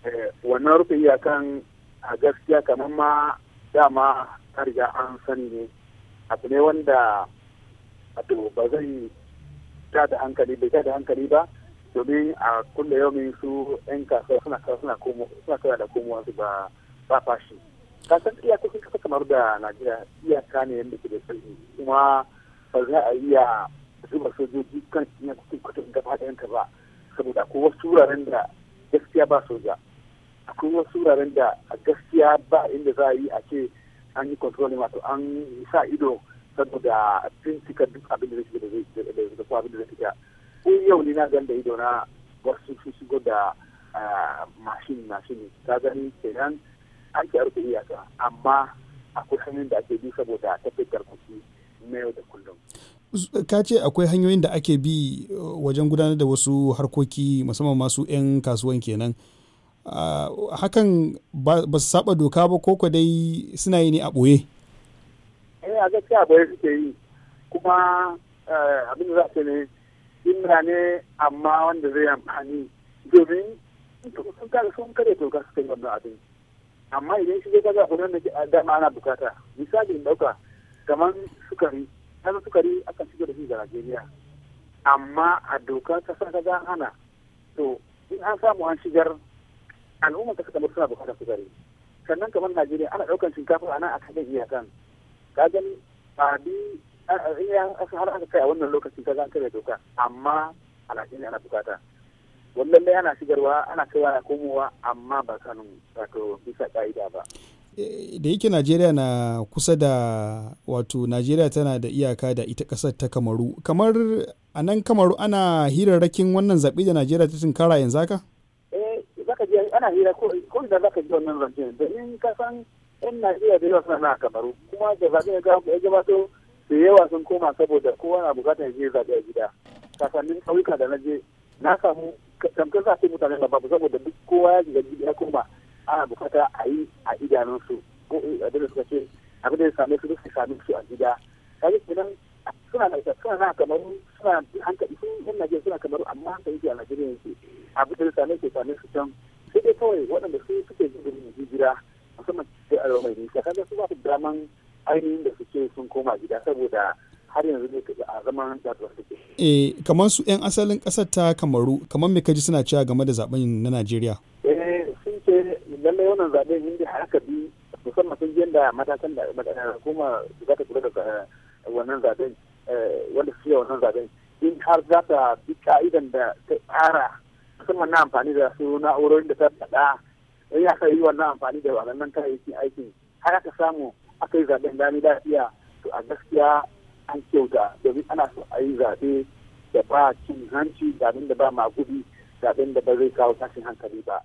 Eh, wannan rufe iyakan a gaskiya kamar ma dama ta riga an sani ne abu ne wanda wato ba zai ta da hankali bai ta da hankali ba domin a kulle yau su 'yan kasuwa suna kawo suna komo suna da komowa su ba ba fashi ka san iyakokin kasa kamar da najeriya iyaka ne yadda ke da sarki kuma ba za a iya zuba sojoji kan iyakokin kwatan gaba da yanka ba saboda ko wasu wuraren da gaskiya ba soja akwai wasu wuraren da a gaskiya ba inda za a yi a ce an yi kontrolin wato an sa ido saboda bincika duk abin da zai shiga da zai ko abin da zai fita ko yau ne na gan da ido na wasu su shigo da mashin mashin ta gani kenan an ke rufe iyaka amma akwai hanyoyin da ake bi saboda tafiyar karkashi na yau da kullum. ka ce akwai hanyoyin da ake bi uh, wajen gudanar da wasu harkoki musamman masu 'yan kasuwan kenan Ah, hakan ba su saba doka ba ko dai suna yi ne a ɓoye eh, a gaskiya a ɓoye suke yi kuma eh, abin da za su ne imra ne amma wanda zai amfani domin sun kare sun kare doka su yi wannan abin amma idan shi zai kaga abin da dama ana bukata misali in ɗauka kamar sukari kaga sukari akan shigo da shi ga Najeriya amma a doka ta kasa kaga hana to in an samu an shigar al'umma ta kasance suna bukatar kuzari sannan kamar najeriya ana ɗaukar shinkafa a nan a kan iyakan ka gani ba bi har aka kai a wannan lokacin ka zan kare doka amma a najeriya ana bukata wannan dai ana shigarwa ana kaiwa na komowa amma ba kanun wato bisa ka'ida ba eh, da yake najeriya na kusa da wato najeriya tana da iyaka da ita kasar ta kamaru kamar a nan kamaru ana hirarrakin wannan zaɓe da najeriya ta tunkara yanzu haka? kana hira ko da za ka ji wannan da in ka san yan najeriya da yawa suna kamaru kuma da zaɓe ya gabato da yawa sun koma saboda kowa na bukatar ya je zaɓe a gida kasannin ƙauyuka da na je na samu tamkar za su mutane babu saboda duk kowa ya shiga ya koma ana bukata a yi a idanunsu ko a da suka ce abin da ya same su duk su same su a gida kaji kenan suna na ita suna na kamaru suna hankali sun yan najeriya suna kamaru amma hankali ke a najeriya yake abin da ya same su same su can sai dai kawai waɗanda su suke gudun hijira musamman cikin arewa mai nisa kaga su ba su daman ainihin da suke sun koma gida saboda har yanzu ne a zaman da suke. Eh kamar su 'yan asalin ƙasar ta Kamaru kamar me kaji suna cewa game da zaben na Najeriya. Eh sun ce lallai wannan zaben inda haka bi musamman sun je da matakan da eh, hukuma za ta kula da eh, wannan zaben eh, wanda suke wannan zaben in har za ta bi ka'idan da ta tsara sun wannan amfani da su na'urorin da ta faɗa in aka yi wannan amfani da waɗannan kayayyakin aikin har aka samu aka yi zaɓen dami lafiya to a gaskiya an kyauta domin ana so a yi zaɓe da ba cin hanci zaɓen da ba magudi zaɓen da ba zai kawo tashin hankali ba.